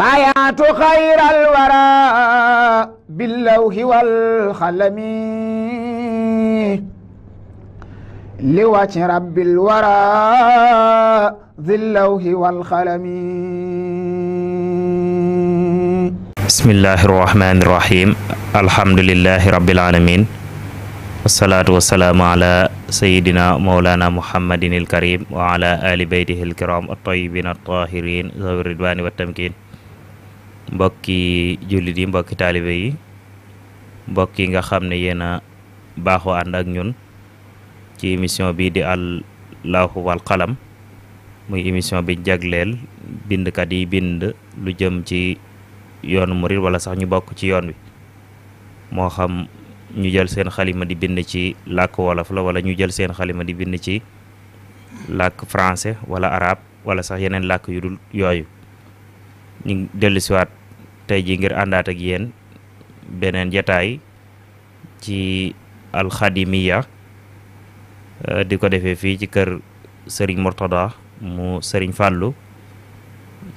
بايعت خير الورى باللوح والخلم لوجه رب الورى ذي اللوح والخلم بسم الله الرحمن الرحيم الحمد لله رب العالمين والصلاة والسلام على سيدنا مولانا محمد الكريم وعلى آل بيته الكرام الطيبين الطاهرين ذوي الرضوان والتمكين mbokki julit yi mbokki talibé yi mbokki nga xamné yena yéen and ak ñun ci émission bi di al Lahu wal qalam muy émission bi bind bindkat yi bind lu jëm ci yoonu murit wala sax ñu bok ci yoon wi mo xam ñu jël seen xalima di bind ci lak wolof la wala ñu jël seen xalima di bind ci lak français wala arab wala sax yenen lak yu dul yoyu ñu wat tay ji ngir andat ak yeen benen jotaay ci khadimiya euh, di diko defé fi ci kër serigne Mortada mu serigne fallu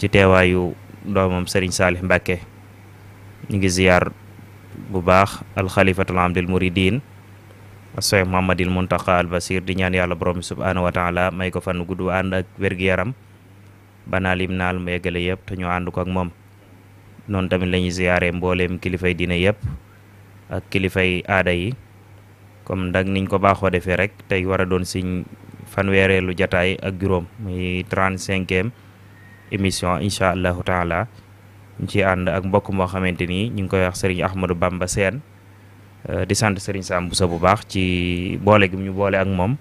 ci teewaayu domam sering salih mbacké ñu ngi ziar bu baax al amdil muridin asoy Muhammadil Muntaqa al Basir di ñaan yàlla borom bi wa taala may ko fan gudd banaal yim naal mu eggale yëpp te ñu ànd ko ak moom noonu tamit lañuy ñuy mbooleem kilifay diine yëpp ak kilifay aada yi comme ndax niñ ko baaxoo defee rek tey war a doon siñ fanweereelu jataay ak juróom muy trente-cinquième émission incha allahu taala ñu ci ànd ak mbokk moo xamante ni ñu ngi koy wax sëriñ Ahmadou Bamba Seen euh, di sant sëriñ Sam Bousso bu baax ci boole gi ñu boole ak moom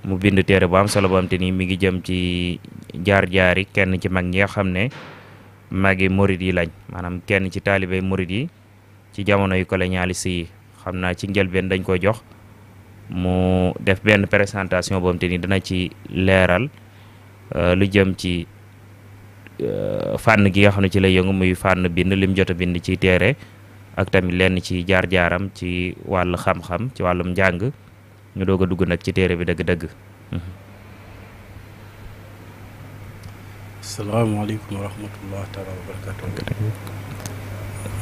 mu bind téere bu am solo bu am te nii mu ngi jëm ci jaar-jaari kenn ci mag ñi nga xam ne magi morit yi lañ maanaam kenn ci taalibe morit yi ci jamono yu colonialiste yi xam naa ci njëlbeen dañ koy jox mu def benn présentation boobu te ni dana ci leeral euh, lu jëm ci euh, fànn gi nga xam ne ci la yëngu muy fànn bind lim jot a bind ci téere ak tamit lenn ci jaar-jaaram ci wàll xam-xam ci wàllum njàng ñu doga a dugg nag ci téré bi dëg mhm. dëg assalamu alaykum wa rahmatullahi taala wa euh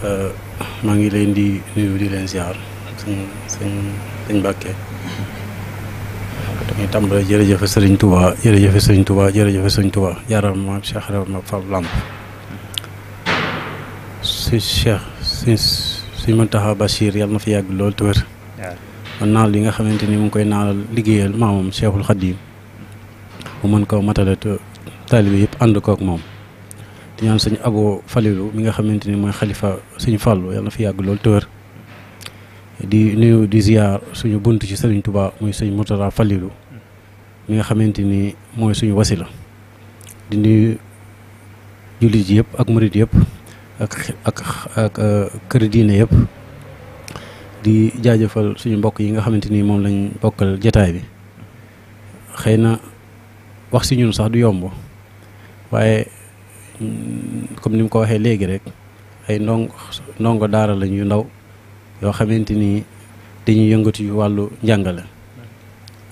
eh, mhm. ma ngi leen di nuyu di leen ziar sëñ sëñ sëñ Mbàkke ñu tàmbale jërëjëf sëriñ Touba jërëjëf sëñ Touba jërëjëf sëñ Touba yaaram maam Cheikh Rew ma Fall Lamp mhm. si Cheikh si si Muntaxa bashir yalla na fi yag lool tuwer wér ya. naal yi nga xamante ni mu ngi koy naalal liggéeyal maamam Cheikhul Khadim mu mën koo matale te taalibe yëpp ànd ak moom di ñaan sëñ Abo Falilou mi nga xamante ni mooy xalifa sëñ Fallou yàlla na di nuyu di suñu bunt ci sëriñ Touba muy sëñ Mourtada Falilou mi nga xamante ni mooy suñu wasila di nuyu jullit yëpp ak murit yëpp ak euh, kër diine yëpp di jaajëfal suñu mbokk yi nga xamante ni moom lañu bokkal jataay bi xëy na wax si ñun sax du yomb waaye mm, comme ni mu ko waxee léegi rek ay ndong ndongo daara lañ yu ndaw yoo xamante ni dañuy yëngatu yu wàllu njàngale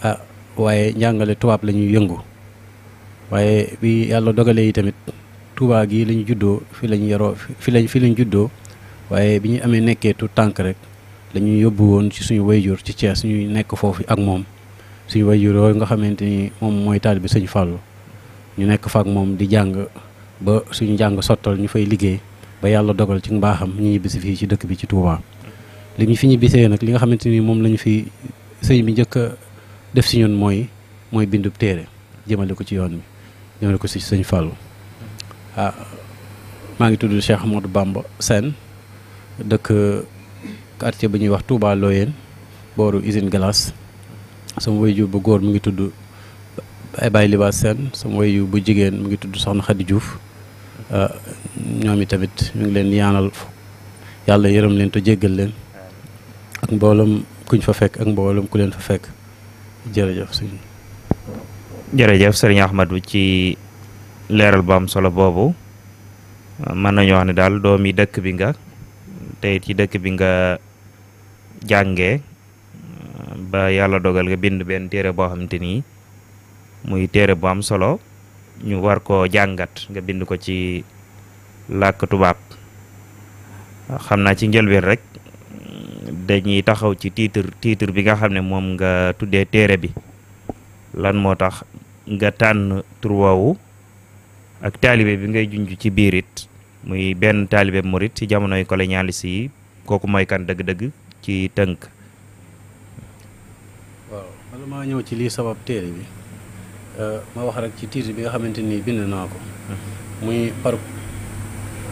ah, waaye njàngale tubaab lañuy yëngu waaye bi yàlla dogalee yi tamit tubaab gi lañu juddoo fi lañu yaroo fi lañ fi lañ juddoo waaye bi ñu amee nekkee tu tànk rek dañuy yóbbu woon ci suñu wayjur ci Thiès ñuy nekk foofu ak moom suñu wayjur yooyu nga xamante ni moom mooy bi sëñ Fallou ñu nekk fa ak moom di jàng ba suñu njàng sottal ñu fay liggéey ba yàlla dogal ci mbaaxam ñu ñibbisi fii ci dëkk bi ci Touba. li ñu fi ñibbisee nag li nga xamante nii moom lañu fi sëñ bi njëkk a def si ñun mooy mooy bindub téere jëmale ko ci yoon bi jëmale ko si sëñ Fallou ah maa ngi tudd Cheikh Amadou Bamba seen dëkk. quartier bu ñuy wax Touba Loyeen boru usine glace sama wayju bu góor mu ngi ay Baye liba sen sama wayju bu jigen mu ngi tuddu Soxna Khady Diouf euh i tamit ñu ngi leen yaanal yalla yeeram leen to jéggal leen ak mbolam kuñ fa fekk ak mbolam ku leen fa fekk jërëjëf sëñ jërëjëf sëriñ Ahmadou ci leral bam solo bobu man nañu wax ni dal doomi dekk bi nga tay ci dekk bi nga Jange, ba yalla dogal nga bind ben téré bo xamanteni muy téré bo am solo ñu war ko jangat nga bind ko ci lak tubab xamna naa ci njëlbeen rek dañuy taxaw ci titre titre bi nga xamne ne nga tuddé téré bi lan motax nga tan tur ak talibé bi ngay junj ci birit muy ben talibé mouride ci jamonoy colonialiste yi kooku moy kan deug deug ci tënk. waaw bala maa ñëw ci lii sabab téere bi euh, ma wax rek ci titre bi nga xamante ni bind naa ko. muy par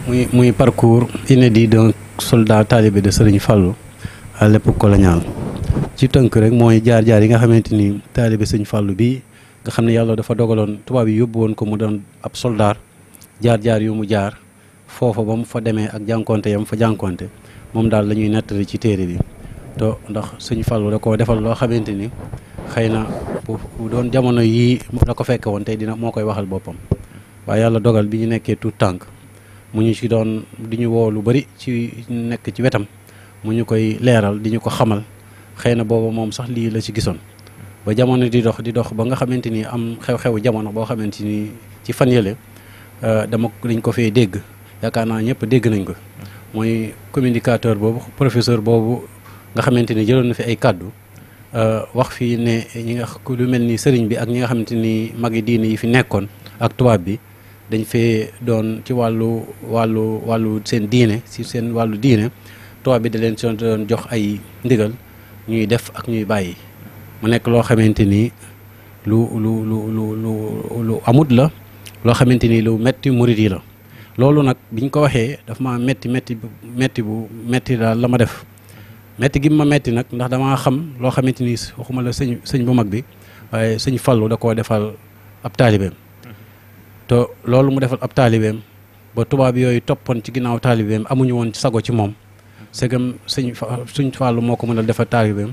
muy muy parcours inédit d'un soldat talibé de Serigne Fallou à l'époque coloniale ci tënk rek mooy jaar-jaar yi nga xamante ni talibé Serigne Fallou bi nga xam ne yàlla dafa dogaloon tubaab yi yóbbu woon ko mu doon ab soldat jaar-jaar yu mu jaar foofa ba mu fa demee ak jànkonte yam fa jànkonte. moom daal la ñuy nettali ci téere bi te ndax suñu Fallou da koo defal loo xamante ni xëy na bu doon jamono yii la ko fekke woon tey dina moo koy waxal boppam waaye yàlla dogal bi ñu nekkee tout tànk mu ñu ci doon di ñu woo lu bari ci nekk ci wetam mu ñu koy leeral di ñu ko xamal xëy na booba moom sax lii la ci gisoon ba jamono di dox di dox ba nga xamante ni am xew-xewu jamono boo xamante ni ci fan yële euh, dama dañ ko fee dégg yaakaar naa ñëpp dégg nañ ko mooy communicateur boobu professeur boobu nga xamante ni jëloon na fi ay kàddu euh, wax fii ne ñi nga lu mel ni sëriñ bi ak ñi nga xamante ni magi diine yi fi nekkoon ak tubaab bi dañ fee doon ci wàllu wàllu wàllu seen diine si seen wàllu diine tubaab bi da leen si doon jox ay ndigal ñuy def ak ñuy bàyyi mu nekk loo xamante ni lu lu lu lu lu amut la loo xamante ni lu metti murit yi la loolu nag biñ ko waxee daf ma metti metti metti bu metti daal la ma def metti gi ma metti nag ndax dama xam loo xamante ni waxuma la sëñ sëñ bu mag bi waaye sëñ Fallu da koo defal ab taalibeem te loolu mu defal ab taalibeem ba tubaab yooyu toppoon ci ginnaaw taalibeem amuñu woon sago ci moom segam sëñ suñ Fallu moo ko mën a defal taalibeem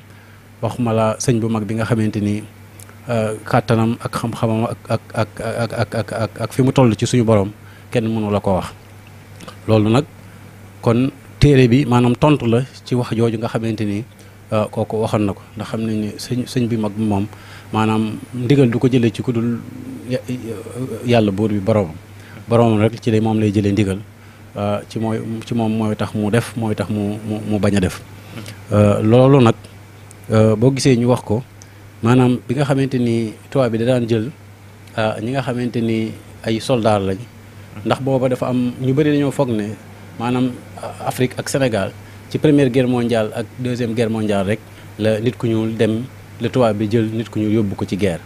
waxuma la sëñ bu mag bi nga xamante ni euh, kàttanam ak xam-xamam ak ak ak ak ak fi mu toll ci suñu borom kenn mënu la ko wax loolu nag kon téere bi maanaam tontu la ci wax jooju nga xamante ni euh, kooku waxoon na ko ndax xam nañ ne sëñ sëñ bi mag moom maanaam ndigal du ko jëlee ci ku dul yàlla buur bi boroomam boroomam rek ci lay moom lay jëlee ndigal euh, ci mooy ci moom mooy tax mu def mooy tax mu mu bañ a def euh, loolu nag boo gisee ñu wax ko maanaam bi nga xamante ni tubaab bi da daan jël ñi nga xamante ni ay soldaar lañ ndax booba dafa am ñu bëri dañoo foog ne maanaam Afrique ak Sénégal ci première guerre mondiale ak deuxième guerre mondiale rek la nit ku ñuul dem le tubaab bi jël nit ku ñuul yóbbu ko ci guerre.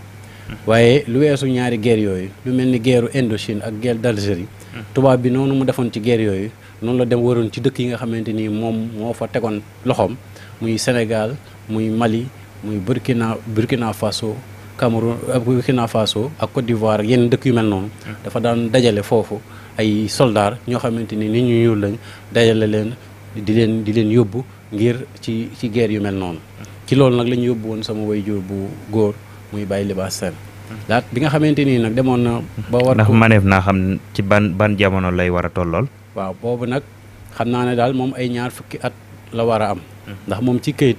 waaye lu weesu ñaari guerre yooyu lu mel ni guerre Indochine ak guerre d'Algérie. tubaab bi noonu mu defoon ci guerre yooyu noonu la dem waroon ci dëkk yi nga xamante ni moom moo fa tegoon loxoom muy Sénégal muy Mali muy Burkina Burkina Faso. Cameroun Burkina Faso ak Côte d'Ivoire ak yeneen dëkk yu mel noonu. dafa daan dajale foofu ay soldaar ñoo xamante ni nit ñu ñuul lañ dajale leen di leen di leen yóbbu ngir ci ci guerre yu mel noonu. ci loolu nag la ñu yóbbu woon sama wayjur bu góor muy Baye Libaas Sène laat bi nga xamante ni nag demoon na. ba war ndax naa xam ci ban ban jamono lay war a tollool. waaw boobu nag xam naa ne daal moom ay ñaar fukki at la war a am. ndax moom ci këyit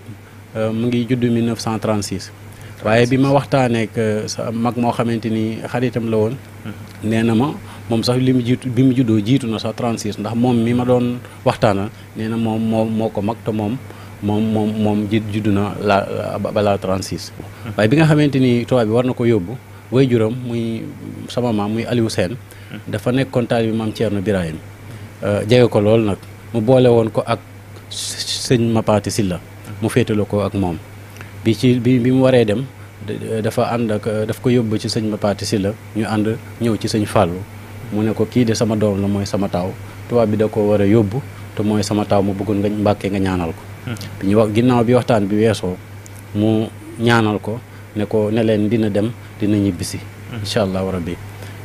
euh, mu ngi judd 1936. waaye bi ma waxtaanee ak uh, sa mag moo xamante ni xaritam la woon. Mm-hmm. nee na ma moom sax li mu jiitu bi mu juddoo jiitu na sax 36 ndax moom mi ma doon waxtaanal nee na moom moo moo ko mag te moom moom moom moom ji juddu na la balaa 36. Mm-hmm. waaye bi nga xamante ni tubaab bi war na ko yóbbu juróom muy sama maam muy Aliou Sène. Mm-hmm. dafa nekkoon taalibe maam Thierno Birahim uh, jege ko loolu nag mu boole woon ko ak sëñ Mapaati Silla mu féetaloo ko ak moom bi ci bi bi mu waree dem dafa ànd ak euh, daf ko yóbbu ci sëñ Mapaati si la ñu ànd ñëw ci sañ Fallou mu ne ko kii de sama doom la mooy sama taaw tubaab bi da ko war a yóbbu te mooy sama taaw mu bëggoon nga mbàkkee nga ñaanal ko hmm. ñu wax ginnaaw bi waxtaan bi weesoo mu ñaanal ko ne ko ne leen dina dem dina ñibbisi hmm. incha allahu rabbi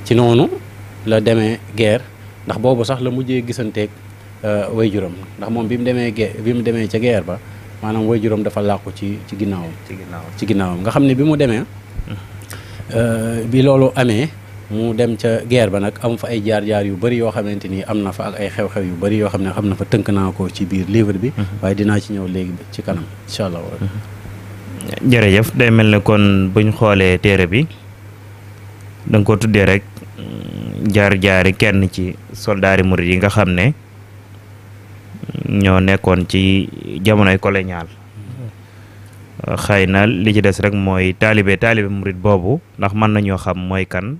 ci noonu la demee guerre ndax boobu sax la mujjee gisanteeg euh, waajuram ndax moom bi mu demee guerre bi mu demee ca guerre ba maanaam woy juróom dafa làqu ci ci ginnaawam ci ginnaawam nga xam ne bi mu demee euh, bi loolu amee mu dem ca guerre ba nag am fa ay jaar-jaar yu bari yoo xamante ni am na fa ak ay xew-xew yu bari yoo xam ne xam na fa tënk naa ko ci biir livre bi mhm. waaye dinaa ci ñëw léegi ci kanam incha allah mhm. day mel ne kon buñ xoolee téere bi da ko tuddee rek mm, jaar-jaari kenn ci soldaari murid yi nga xam ne ñoo nekkoon ci jamonoy colonial mm-hmm. xëy na li ci des rek mooy taalibe taalibe murit boobu ndax mën nañoo xam mooy kan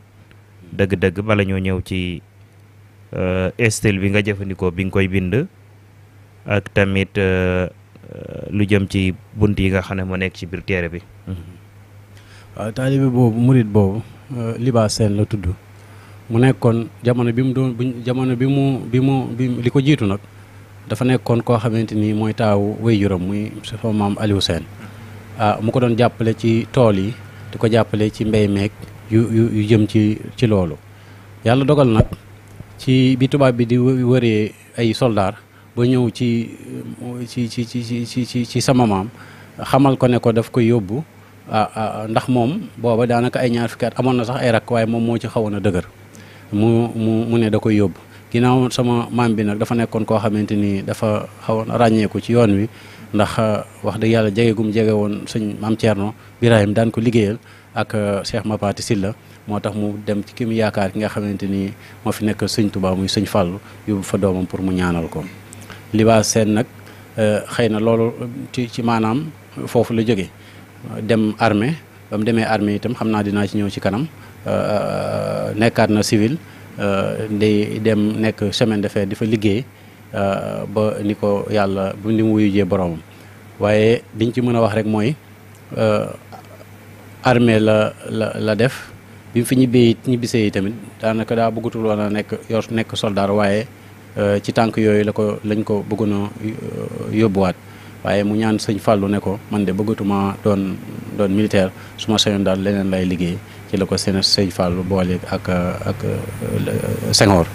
dëgg-dëgg bala ñoo ñëw ci euh, style bi nga jëfandikoo bi nga koy bind ak tamit euh, euh, lu jëm ci bunt yi nga xam ne moo nekk ci biir teere bi mm-hmm. waaw boobu murit boobu Liba Sène la tudd mu nekkoon jamono bi mu jamono bi mu bi mu bi li ko jiitu nag dafa nekkoon koo xamante ni mooy taawu waajuram muy sama maam Aliou Sène ah, mu ko doon jàppale ci tool yi di ko jàppale ci mbéy meek yu yu jëm ci ci loolu yàlla dogal nag ci bi tubaab bi di wëree ay soldaar ba ñëw ci ci ci ci ci ci sama maam xamal ko ne ko daf koy yóbbu ah, ah, ndax moom booba daanaka ay ñaar fukki at amoon na sax ay rakk waaye moom moo ci xawoon a dëgër mu mu mu ne da koy yóbbu ginaaw sama maam bi nag dafa nekkoon koo xamante ni dafa xawoon ràññeeku ci yoon wi ndax euh, wax dëgg yàlla jege gum jege woon sëñ maam Thierno Birahim daan ko liggéeyal ak euh, Cheikh Mapati Silla moo tax mu dem ci ki mu yaakaar ki nga xamante ni moo fi nekk sëñ Touba muy sëñ Fallou yóbbu fa doomam pour mu ñaanal ko libaas seen nag euh, xëy na loolu ci ci maanaam foofu la jóge dem armée ba mu demee armée itam xam naa dinaa ci ñëw ci kanam nekkaat na siwil Euh, day dem nekk semaine de fer di fa liggéey euh, ba ni ko yàlla bu ni mu wuyu boroomam waaye diñ ci mën a wax rek mooy euh, armée la la la def bi mu fi ñibbee ñibbisee yi tamit daanaka daa bëggatul woon nekk yor nekk soldaar waaye ci tànk yooyu la ko lañ ko bëggoon yóbbuwaat waaye mu ñaan sëñ fàllu ne ko man de bëggatuma doon doon militaire su ma sañoon daal leneen lay liggéey ci la ko seen sëñ Fallou boole ak ak Senghor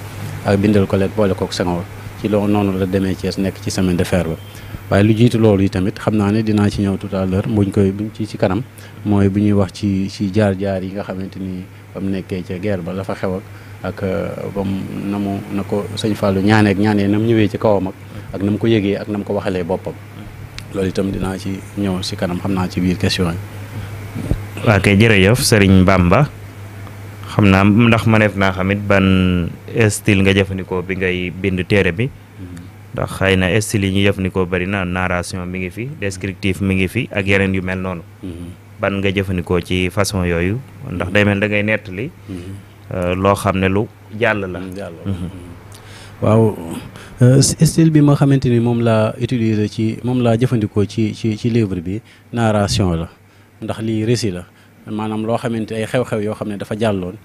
ak bindal ko boole kook Senghor ci loo noonu la demee Thiès nekk ci semaine de fer ba waaye lu jiitu loolu yi tamit xam naa ne dinaa ci ñëw tout à l'heure buñ koy bu buñ ci ci kanam mooy bu ñuy wax ci ci jaar-jaar yi nga xamante ni ba mu nekkee ca guerre ba la xew ak ak ba mu na mu na ko sëñ Fallou ñaanee ak ñaanee na mu ñëwee ci kawam ak ak na mu ko yëgee ak na mu ko waxalee boppam loolu itam dinaa ci ñëw si kanam xam naa ci biir question yi. waa kay jërëjëf Serigne Bamba xam naa ndax na naa xamit ban style nga jëfandikoo bi ngay bind téere bi ndax xëy na style yi ñu jëfandikoo bari na narration mi ngi fi descriptif mi ngi fi ak yeneen yu mel noonu. Mm-hmm. ban nga jëfandikoo ci façon yooyu ndax day mel da ngay nettali. Mm-hmm. Euh, loo xam ne lu jàll la. Mm, mm-hmm. waaw euh, style bi ma xamante ni moom laa utiliser ci moom laa jëfandikoo ci ci ci livre bi narration la ndax lii récit la maanaam loo xamante ay xew-xew yoo xam ne dafa jàlloon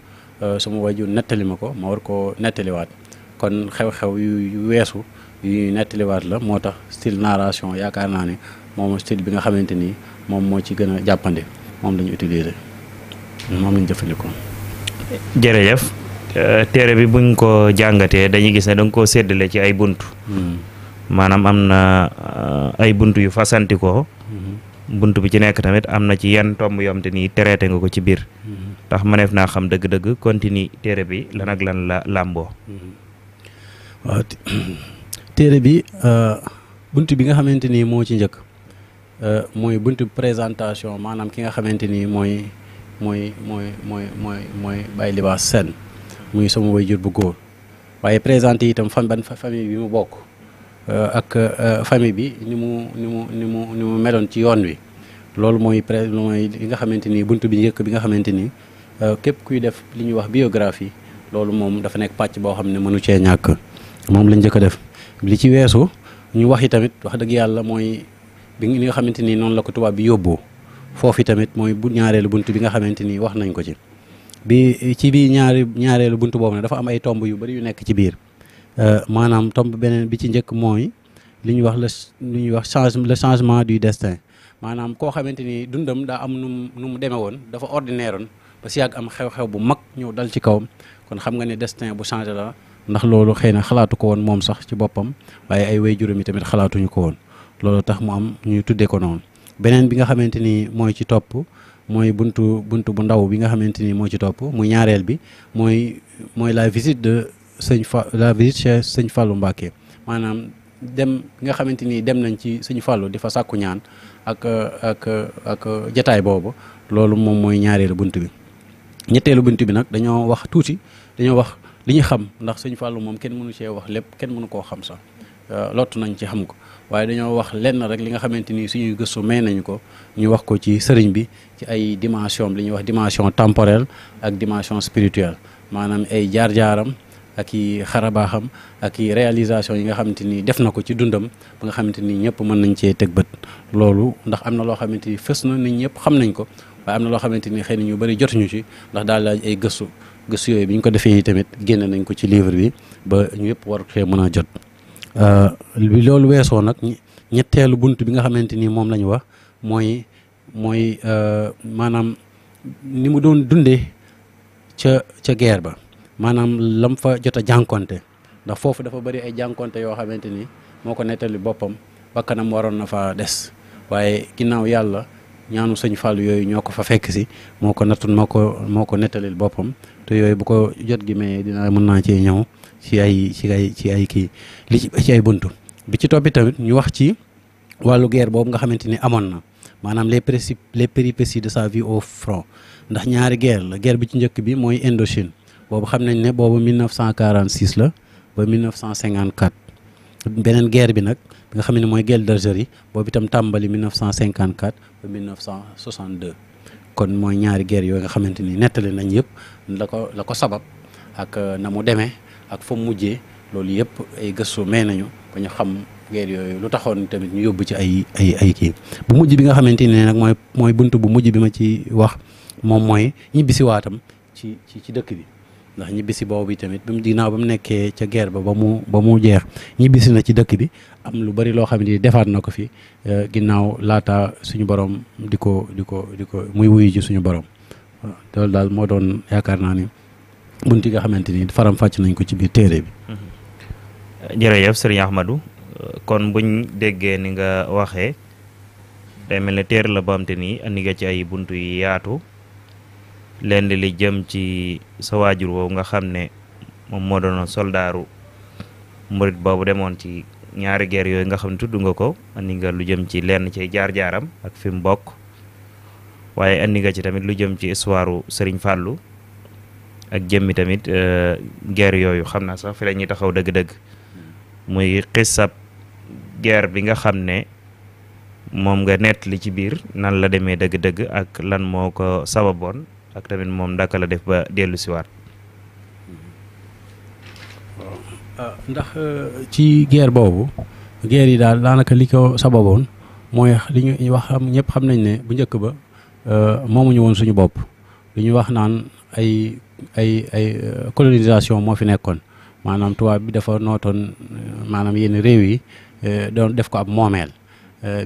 euh, suma wajur nettali ma ko ma war koo nettaliwaat kon xew-xew yu weesu yu nettaliwaat la moo tax style narration yaakaar naa ne moom style bi nga xamante ni moom moo ci gën a jàppande moom la ñu utiliser moom la jëfandikoo. jërëjëf. Euh, téere bi buñ ko jàngatee dañuy gis ne da nga koo séddale ci ay bunt hmm. maanaam am na euh, ay bunt yu fasanti hmm. bunt bi ci nekk tamit am na ci yenn tomb yom te nii traité nga ko ci biir tax hmm. mëneef naa xam dëgg-dëgg continue téere bi lan lan la làmboo téere bi euh, bunt bi nga xamante nii moo ci njëkk mooy buntu présentation maanaam ki nga xamante nii mooy mooy mooy mooy mooy mooy Baye Libaas muy sama jur bu góor waaye présenté itam fam ban famille bi mu bokk euh, ak euh, famille bi ni mu ni mu ni mu ni mu meloon ci yoon wi loolu mooy pré mooy nga xamante ni bunt bi njëkk bi nga xamante ni euh, képp kuy def li ñuy wax biographie loolu moom dafa nekk pàcc boo xam ne mënu cee ñàkk moom lañ njëkk a def li ci weesu ñu wax yi tamit wax dëgg yàlla mooy bi li nga xamante ni noonu la ko tubaab bi yóbboo foofu tamit mooy bu ñaareelu bunt bi nga xamante ni wax nañ ko ci bi ci biir ñaari ñaareelu bunt boobu nag dafa am ay tomb yu bari yu nekk ci biir euh, maanaam tomb beneen bi ci njëkk mooy lu ñuy wax la lu ñuy wax change le changement du destin maanaam koo xamante ni dundam daa am nu mu nu mu demee woon dafa ordinaire woon ba si yàgg am xew-xew bu mag ñëw dal ci kawam kon xam nga ne destin bu changé la ndax loolu xëy na xalaatu ko woon moom sax ci boppam waaye ay juróom juróomi tamit xalaatuñu ko woon loolu tax mu am ñuy tuddee ko noonu beneen bi nga xamante ni mooy ci topp mooy buntu buntu bu ndaw bi nga xamante ni moo ci topp mu ñaareel bi mooy mooy la visite de sëñ fa la visite chez sëñ fallu Mbacké maanaam dem nga xamante ni dem nañ ci sëñ Fallou di fa sàkku ñaan ak ak ak jataay boobu loolu moom mooy ñaareelu bunt bi ñetteelu bunt bi nag dañoo wax tuuti dañoo wax li ñu xam ndax sëñ Fallou moom kenn mënu cee wax lépp kenn mënu koo xam sax Euh, lott nañ ci xam ko waaye dañoo wax lenn rek li nga xamante ni suñuy gëstu may nañu ko ñu wax ko ci sëriñ bi ci ay dimension li ñuy wax dimension temporelle ak dimension spirituelle maanaam ay jaar-jaaram ak i xarabaaxam ak i réalisation yi nga xamante ni def na ko ci dundam ba nga xamante ni ñëpp mën nañ cee teg bët loolu ndax am na loo xamante ni fës na nit ñëpp xam nañ ko waaye am na loo xamante ni xëy na ñu bëri jotuñu ci ndax daal ay gëstu gëstu yooyu bi ñu ko defee yi tamit génne nañ ko ci livre bi ba ñu yëpp war cee mën a jot Euh, bi loolu weesoo nag ñetteelu bunt bi nga xamante nii moom lañu wax mooy mooy euh, maanaam ni mu doon dundee ca ca guerre ba maanaam lam fa jot a jànkonte ndax foofu dafa bëri ay jànkonte yoo xamante ni moo ko nettali boppam bakkanam waroon na fa des waaye ginnaaw yàlla ñaanu sëñ Fallou yooyu ñoo ko fa fekk si moo ko nattu moo ko moo ko nettalil boppam te yooyu bu ko jot gi mayee dina mën naa cee ñëw ci ay ci ay ci ay ki li ci ay buntu bi ci topi tamit ñu wax ci walu guerre bobu nga xamanteni amon na manam les principes les péripéties de sa vie au front ndax ñaari guerre la guerre bi ci ñëk bi moy Indochine bobu xamnañ ne bobu 1946 la ba 1954 benen guerre bi nak bi nga xamni moy guerre d'Algérie bobu tam tambali 1954 ba 1962 kon moy ñaari guerre yo nga xamanteni netale nañ yépp la ko la ko sabab ak euh, namu démé ak fa mu loolu yëpp ay gëstu may nañu ba ñu xam guerre yooyu lu taxoon tamit ñu yóbbu ci ay ay kii bu mujj bi nga xamante ne nag mooy mooy bunt bu mujj bi ma ci wax moom mooy ñibbisi waatam ci ci ci dëkk bi ndax ñibbisi boobu tamit bi mu ginnaaw ba mu nekkee ca guerre ba ba mu ba mu jeex ñibbisi na ci dëkk bi am lu bari loo xam ne defaat na ko fi eh, ginnaaw laata suñu boroom di ko di ko di ko muy wuyu ji suñu borom loolu daal moo doon yaakaar naa ni bunt yi nga xamante ni faram fàcc nañ ko ci biir téere bi. Mhm. jërëjëf sëriñ Ahmadou kon buñ déggee ni nga waxee day mel ne téere la boo xamante ni andi nga ci ay buntu yi yaatu lenn li jëm ci sa waajur woowu nga xam ne moom moo doon soldaaru murit boobu demoon ci ñaari geer yooyu nga xam ne tudd nga ko andi lu jëm ci lenn ci jaar-jaaram ak fi mu bokk waaye andi nga ci tamit lu jëm ci histoire Serigne Fallou. ak jëmmi tamit euh, guerre yooyu xam naa sax fi la ñuy taxaw dëgg-dëgg muy xisab guerre bi nga xam ne moom nga net li ci biir nan la demee dëgg-dëgg ak lan moo ko sababoon ak tamit moom ndaka la def ba dellu siwaat ah, ndax euh, ci guerre boobu guerre yi daal daanaka li ko sababoon li ñu wax xam xam nañ ne bu njëkk ba euh, moomuñu woon suñu bopp li ñu wax naan ay ay ay euh, colonisation moo fi nekkoon maanaam tubaab bi dafa nootoon euh, maanaam yenn réew yi euh, doon def ko ab moomeel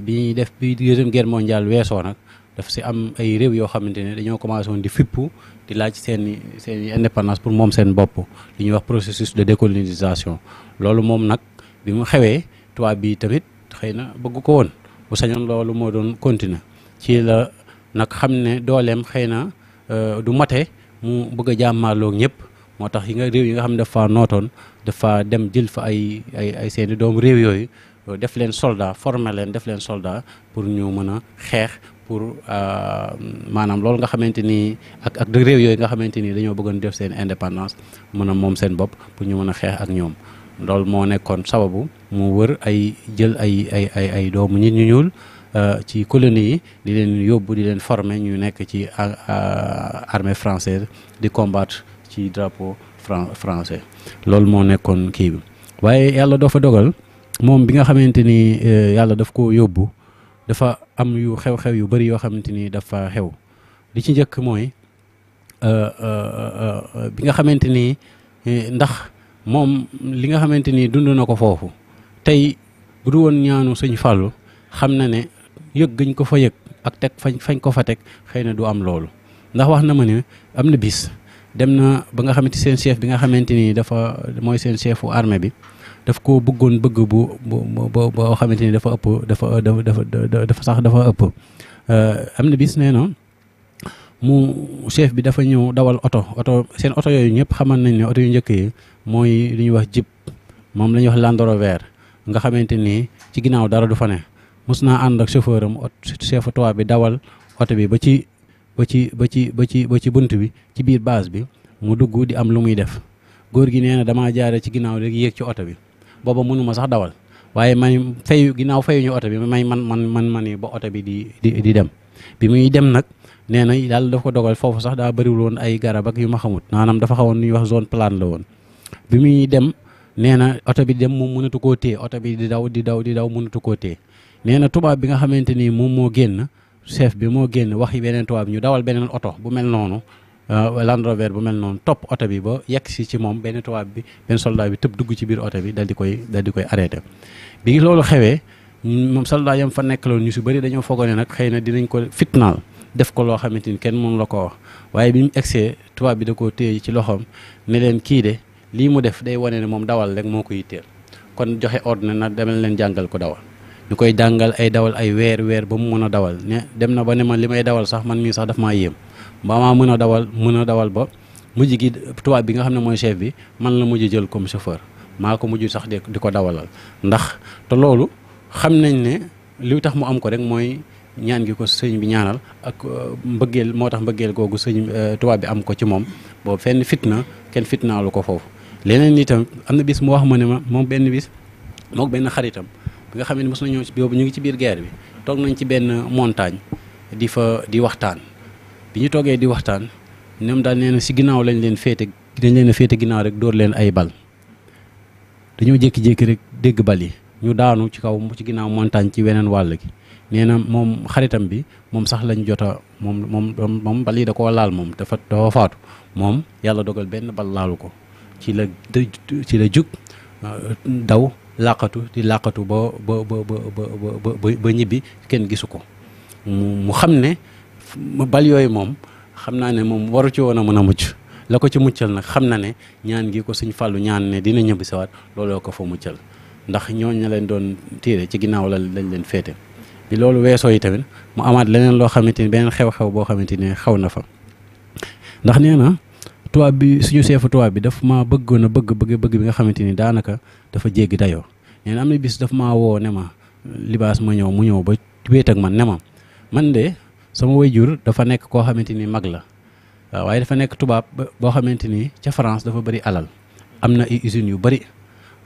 bi ñuy def bi deuxième guerre mondiale weesoo nag daf si am ay réew yoo xamante ne dañoo commencé woon di fippu di laaj seen seen indépendance pour moom seen bopp li ñuy wax processus de décolonisation loolu moom nag bi mu xewee tubaab bi tamit xëy na bëgg ko woon bu sañoon loolu moo doon continuer ci la nag xam ne dooleem xëy na du mate mu bëgg a jàmmaarloog ñëpp moo tax yi nga réew yi nga xam ne dafa nootoon dafa dem jël fa ay ay ay seeni doomu réew yooyu def leen soldat former leen def leen soldat pour ñu mën a xeex pour euh, maanaam loolu nga xamante ni ak ak réew yooyu nga xamante ni dañoo bëggoon def seen indépendance mën a moom seen bopp pour ñu mën a xeex ak ñoom loolu moo nekkoon sababu mu wër ay jël ay ay ay doomu ñu ñuul Euh, ci colonie yi di leen yóbbu di leen former ñu nekk ci euh, euh, armée française di combattre ci drapeau fran français loolu moo nekkoon kii bi waaye yàlla fa dogal moom bi nga xamante ni yàlla daf ko yóbbu dafa am yu xew-xew yu bari yoo xamante ni dafa xew li ci njëkk mooy bi nga xamante ni ndax moom li nga xamante ni dund na ko foofu tey bu du woon ñaanu sëñ Fallou xam na ne yëg gañ ko fa yëg ak teg fañ fañ ko fa teg xëy na du am loolu ndax wax na ma ne am na bis dem na ba nga xamante seen chef bi nga xamante ni dafa mooy seen chefu armée bi daf ko bëggoon bëgg bu bu xamante ni dafa ëpp dafa dafa dafa sax dafa ëpp euh, am na bis nee na mu chef bi dafa ñëw dawal oto oto seen oto yooyu ñëpp xaman nañ ne oto yu njëkk yi mooy lu ñuy wax jip moom la wax Land weer nga xamante ni ci ginnaaw dara du fa ne mos naa ànd ak chauffeur am chef tubaab bi dawal oto bi ba ci ba ci ba ci ba ci ci bunt bi ci biir base bi mu dugg di am lu muy def góor gi nee na damaa jaare ci ginnaaw rek yéeg ci oto bi booba mënuma sax dawal waaye man fayu ginnaaw fayuñu oto bi may man man man mani ba oto bi di di di dem bi muy dem nag nee na yàlla dafa ko dogal foofu sax daa bëriwul woon ay garab ak yu ma xamut maanaam dafa xawoon ñuy wax zone plane la woon bi muy dem nee na oto bi dem moom mënatu koo téye oto bi di daw di daw di daw mënatu koo téye nee na tubaab bi nga xamante ni moom moo génn chef bi moo génn yi beneen tubaab ñu dawal beneen oto bu mel noonu euh, Land bu mel noonu topp oto bi ba yegg si ci moom benn tubaab bi benn soldat bi tëb dugg ci biir oto bi dal di koy dal di koy arrêté bi loolu xewee moom soldat yam fa nekkaloon ñu si bëri dañoo foogoo ne nag xëy na dinañ ko fitnaal def ko loo xamante ni kenn mënu la ko wax waaye bi mu egsee tubaab bi da koo téye ci loxoom ne leen kii de lii mu def day wane ne moom dawal rek moo ko yitteel kon joxe ordre na demel leen jàngal ko dawal ñu koy jàngal ay dawal ay weer weer ba mu mën a dawal ne dem na ba ne man li may dawal sax man mii sax daf ma yéem ba maa mën a dawal mën a dawal ba mujj gi tubaab bi nga xam ne mooy chef bi man la mujj jël comme chauffeur maa ko mujj sax di ko dawalal ndax te loolu xam nañ ne li tax mu am ko rek mooy ñaan gi ko sëñ bi ñaanal ak euh, mbëggeel moo tax mbëggeel googu sëñ euh, tubaab bi am ko ci moom boobu fenn fitna kenn fitnaalu ko foofu leneen itam am na bis mu wax ma ne ma moom benn bis mook benn xaritam nga xam ne mos nañoo ci boobu ñu ngi ci biir guerre bi toog nañ ci benn montagne di fa di waxtaan bi ñu toogee di waxtaan ñoom daal nee na si ginnaaw lañ leen féete dañ leen féete ginnaaw rek dóor leen ay bal dañoo jékki-jékki rek dégg bal yi ñu daanu ci kaw ci ginnaaw montagne ci weneen wàll gi nee na moom xaritam bi moom sax lañ jot a moom moom moom bal yi da koo laal moom dafa dafa faatu moom yàlla dogal benn bal laalu ko ci la ci la jug ah, daw làqatu di làqatu ba ba ba ba ba ñibbi kenn gisu ko mu xam ne bal yooyu moom xam naa ne moom waru ci woon a mën a mucc la ko ci muccal nag xam na ne ñaan gi ko suñ fàllu ñaan ne dina ñëbbi sawaat looloo ko fa muccal ndax ñooñ na leen doon tiire ci ginnaaw la lañ leen féete loolu weesoo yi tamit mu amaat leneen loo xamante ni beneen xew-xew boo xamante ne xew na fa ndax nee na bi suñu seefu tubaab bi daf ma a bëgg bëgg bëgg bi nga xamante ni daanaka dafa jéggi dayoo nee na am na bis daf maa woo ne ma libaas ma ñëw mu ñëw ba wéet ak man ne ma man de sama wayjur dafa nekk koo xamante ni mag la waaye dafa nekk tubaab boo xamante ni ca France dafa bëri alal am na ay usines yu bëri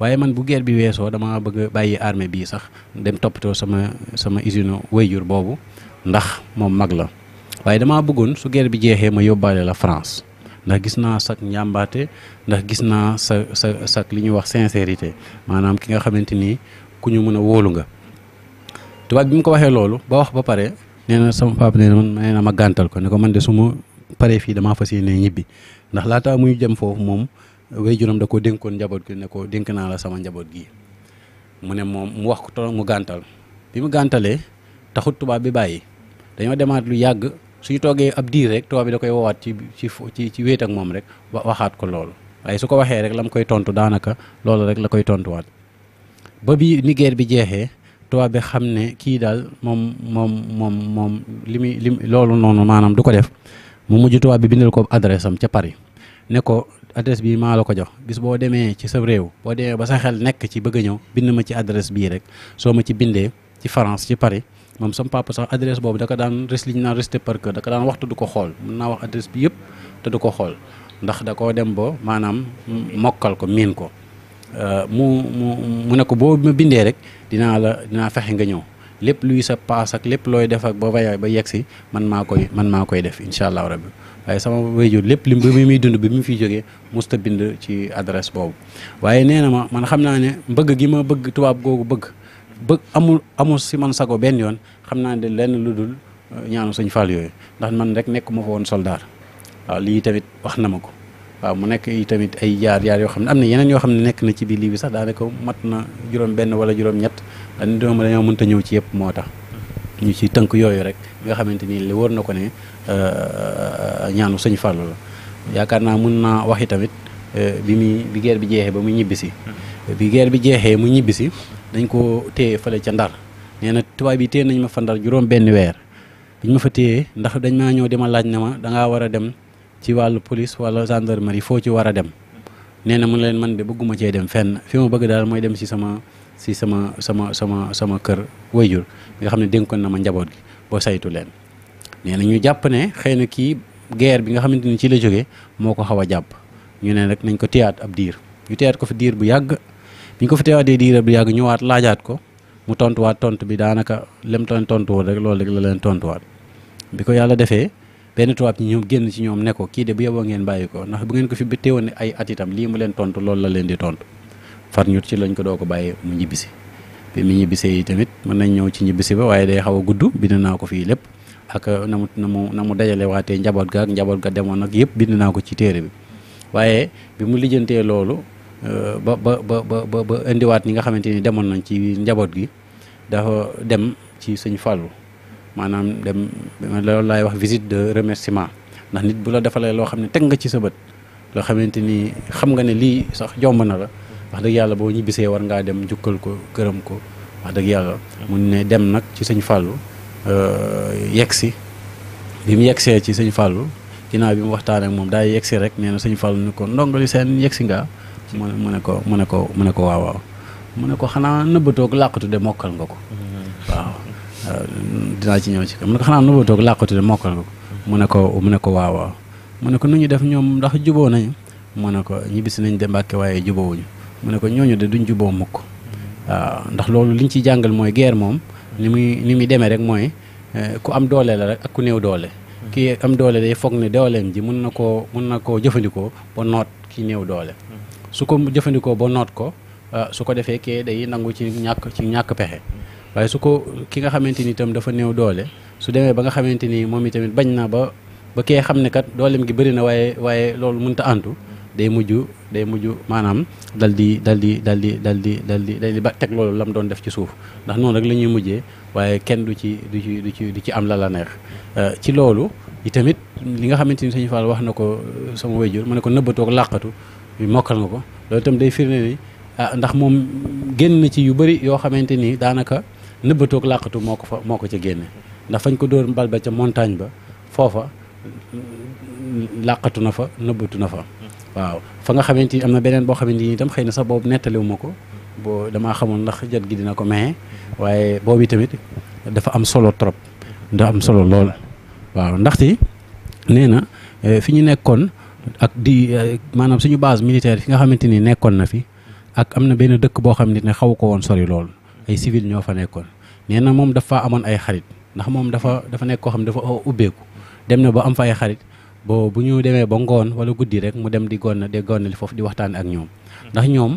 waaye man bu guerre bi weesoo damaa bëgg a bàyyi armée bii sax dem toppatoo sama sama usine wayjur boobu ndax moom mag la waaye damaa bëggoon su guerre bi jeexee ma yóbbaale la France ndax gis naa sag njàmbaate ndax gis naa sa sa sag li ñuy wax sincérité maanaam ki nga xamante ni ku ñu mën a woolu nga tubaab bi mu ko waxee loolu ba wax ba pare nee na sama papa ne na man nee na ma gàntal ko ne ko man de suma ma paree fii damaa fas ne ñibbi ndax laataa muy jëm foofu moom waajuram da koo dénkoon njaboot gi ne ko dénk naa la sama njaboot gi mu ne moom mu wax ko mu gàntal bi mu gàntalee taxut tubaab bi bàyyi dañoo demaat lu yàgg. suñu toogee ab diir rek tubaab bi da koy woowaat ci ci ci wéet ak moom rek waxaat ko loolu waaye su ko waxee rek la mu koy tontu daanaka loolu rek la koy tontuwaat ba bi Niger bi jeexee tubaab bi xam ne kii daal moom moom moom moom li muy lim loolu noonu maanaam du ko def mu mujj tubaab bi bindal ko adresse am ca Paris ne ko adresse bi maa la ko jox bis boo demee ci sa réew boo demee ba sa xel nekk ci bëgg a ñëw bind ma ci adresse bii rek soo ma ci bindee ci France ci Paris mom sam papa sax adresse bobu da ka dan res li ñu par cœur da ka dan waxtu du ko xool mën na wax adresse bi te du ko ndax da ko dem bo manam mokkal ko miin ko euh, mu mu mu ne ko bo ma bindé rek dina la dina fexé nga ñëw lépp luy sa pass ak lépp loy def ak ba wayaay ba yexi si man ma koy man ma koy def inshallah rabbi waaye sama wayju lépp lim bi mi dund bi mi fi musta bind ci adresse bobu waye nee ma man xamna naa ne mbëgg gi ma bëgg tubaab gogu bëgg bëgg amul amul si man sago benn yoon xam naa ne lenn lu dul euh, ñaanu sëñ Fall yooyu ndax man rek nekk ma fa woon soldaar waaw lii tamit wax na ma ko waaw mu nekk yi tamit ay jaar jaar yoo xam ne am na yeneen yoo xam ne nekk na ci biir lii bi sax daanaka mat na juróom benn wala juróom ñett dañ dooma dañoo mënta ñëw ci yëpp moo tax ñu ci tënk yooyu rek nga xamante ni li wóor na ko ne euh, ñaanu sëñ Fall la yaakaar naa mun naa waxi tamit euh, bi muy bi bi jeexee ba mu ñibbisi mm-hmm. bi guerre bi jeexee mu ñibbisi dañ ko téye fële ca ndar nee na tubaab yi tee nañ ma fa ndar juróom benn weer biñ ma fa téye ndax dañ maa ñëw di ma laaj na ma dangaa war a dem ci wàllu police wala gendarmerie foo ci war a dem nee na mu leen man de bëgguma cee dem fenn fi ma bëgg daal mooy dem si sama si sama sama sama sama kër wayjur nga xam ne dénkoon na ma njaboot gi boo saytu leen nee na ñu jàpp ne xëy na kii guerre bi nga xamante ni ci la jóge moo ko xaw a jàpp ñu ne rek nañ ko téyaat ab diir ñu ko fi diir bu yàgg bi ñu ko fi teewaatee diira bi yàgg ñëwaat laajaat ko mu tontuwaat tontu bi daanaka lem ton tontu woon rek loolu rek la leen tontuwaat bi ko yàlla defee benn tubaab ñi ñoom ñoom ne ko kii de bu yeboo ngeen bàyyi ko ndax bu ngeen ko fi teewoon ay at itam lii mu loolu la leen di tontu far ñut ci lañ ko doo ko bàyyi mu ñibbisi bi mu ñibbisee yi tamit mën nañ ñëw ci ñibbisi ba waaye day xaw a gudd bind naa ko fii lépp ak uh, na mu na mu na mu dajale waatee njaboot ga ak njaboot ga demoon nag yëpp bind naa ko ci téere bi waaye bi mu lijjantee loolu Euh, ba ba ba ba ba indiwaat ñi nga xamante ni demoon nañ ci njaboot gi dafa dem ci sëñ Fallou maanaam dem loolu laay wax visite de remerciement ndax nit bu la defalee loo xam ne teg nga ci sa bët loo xamante ni xam nga ne lii sax jomb na la wax dëgg yàlla boo ñibbisee war ngaa dem jukkal ko gërëm ko wax dëgg yàlla mu ne dem nag ci sëñ Fallou euh, yegg si bi mu yeggsee ci sëñ Fallou ginnaaw bi mu waxtaan ak moom daay yegg si rek nee na sëñ Fallou ni ko ndongali seen yegg si ngaa mu mu ne ko mu ne ko mu ne ko waaw mu ne ko xanaa nëbbatoog làqatu de mokkal nga ko waaw euh, dinaa ci ñëw mu ne ko mu ne ko waaw waaw mu ne nu ñu def ñoom ndax juboo nañu mu ne ko ñibbisi nañ de Mbàkke waaye jubowuñu mu ne ko ñooñu de duñ juboo mukk ndax loolu liñ ciy jàngal mooy guerre moom ni muy ni muy demee rek mooy euh, ku am doole la rek ak ku néew doole kii am doole day foog ne dooleem ji mun na koo mun na koo jëfandikoo ba noot ki néew doole su ko jëfandikoo ba noot ko ah, su ko defee kee day nangu ci ñàkk ci ñàkk pexe waaye su ko ki nga xamante ni itam dafa néew doole su demee ba nga xamante ni moom itamit bañ na ba ba kee xam ne kat dooleem gi bëri na waaye waaye loolu mënut a antu day mujj day mujj maanaam dal di dal di dal di dal di dal di dal di ba teg loolu la mu doon def ci suuf ndax noonu rek la ñuy mujjee waaye kenn du ci du ci du ci du ci am la neex ah, ci loolu itamit li nga xamante ni Sëñ Fall wax na ko sama wayjur mu ne ko nëbbatoog làqatu mokkal nga ko loolu itam day firnde ni ah, ndax moom génn na ci yu bëri yoo xamante ni daanaka nëbbatoog làqatu moo ko fa moo ko ca génne ndax fañ ko dóor bal ba ca montagne ba foofa làqatu na fa nëbbatu na fa waaw fa nga xamante ni am na beneen boo xamante ni itam xëy na sa boobu nettaliwu ma ko boo damaa xamoon ndax jot gi dina ko maye waaye boobu tamit dafa am solo trop da am solo lool waaw ndaxte nee na eh, fi ñu nekkoon ak di eh, maanaam suñu base militaire fi nga xamante ni nekkoon na fi ak am na benn dëkk boo xam ne xaw ko woon sori loolu ay civil ñoo fa nekkoon nee na moom dafa amoon ay xarit ndax moom dafa dafa nekk koo xam ne dafa ubbeeku dem na ba am fa ay xarit bo bu ñu demee ba ngoon wala guddi rek mu dem di goon na di goon li foofu di waxtaan ak ñoom ndax ñoom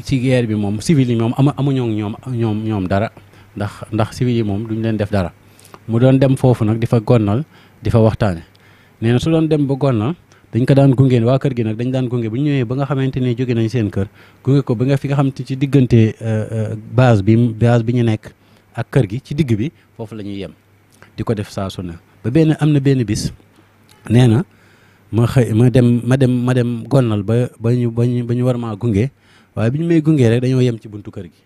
ci guerre bi moom civil yi moom ama amuñoo ñoom ñoom ñoom dara ndax ndax civil yi moom duñu leen def dara mu doon dem foofu nag di fa gonnal di fa waxtaane nee su doon dem ba gonnal dañ ko daan gunge waa kër gi nag dañ daan gunge bu ñu ñëwee ba nga xamante ne jóge nañ seen kër gunge ko ba nga fi nga xamante ci diggante euh, euh, base bi base bi ñu nekk ak kër gi ci digg bi foofu la ñuy yem di ko def saa su ba benn am na benn bis nee na ma ma dem ma dem ma dem gonnal ba ba ñu ba ba ñu war maa gunge waaye bi ñu may gungee rek dañoo yem ci buntu kër gi